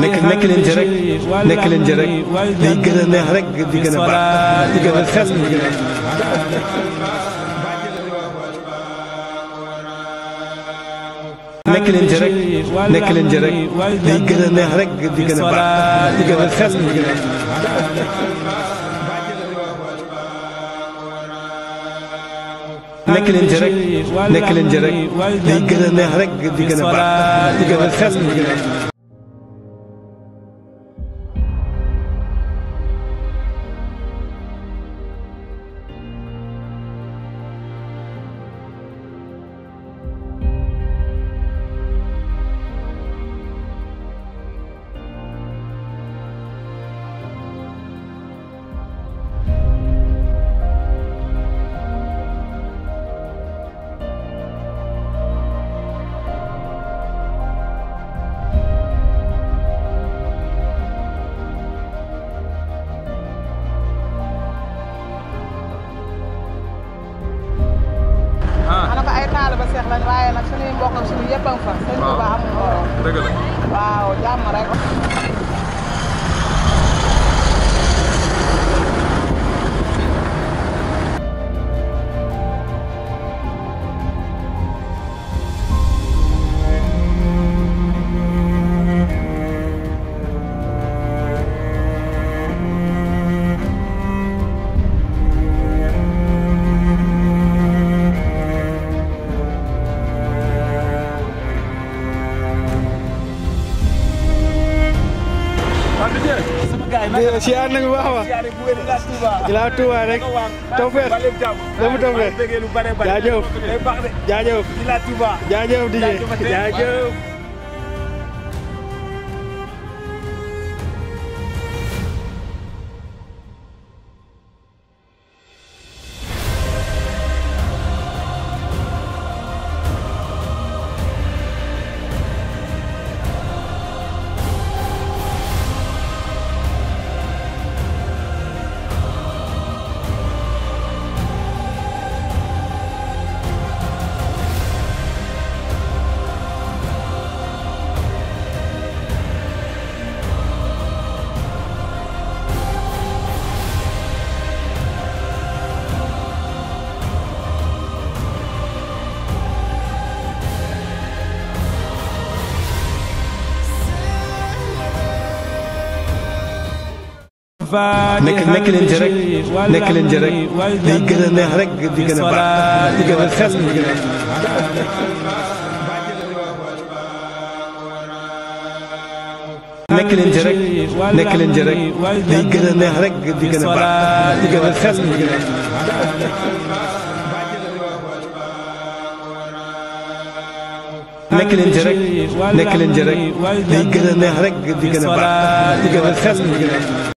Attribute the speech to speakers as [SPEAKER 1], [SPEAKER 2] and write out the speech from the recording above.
[SPEAKER 1] nekk nekk leen ci rek nekk leen ci rek di gën a neex rek di gën a baax di gën a xel di gën
[SPEAKER 2] a nekk leen ci rek nekk leen ci rek di gën a neex rek di gën a baax di gën a xel di gën a nekk leen ci rek nekk leen ci rek di gën a neex rek di gën a baax di gën a xel di gën a
[SPEAKER 1] seex lañ waaye nag suñuy mbokk suñu yëpp a ngi fa. waaw
[SPEAKER 2] sëñ Touba
[SPEAKER 1] amul la
[SPEAKER 2] Dia si anak buah apa? Jelas tu buah. Jelas tu buah. Tofe. Tofe tofe. Jajau. Jajau. Jelas tu buah. Jajau dia. Jajau.
[SPEAKER 1] نكلن جرك
[SPEAKER 2] نكلن جرك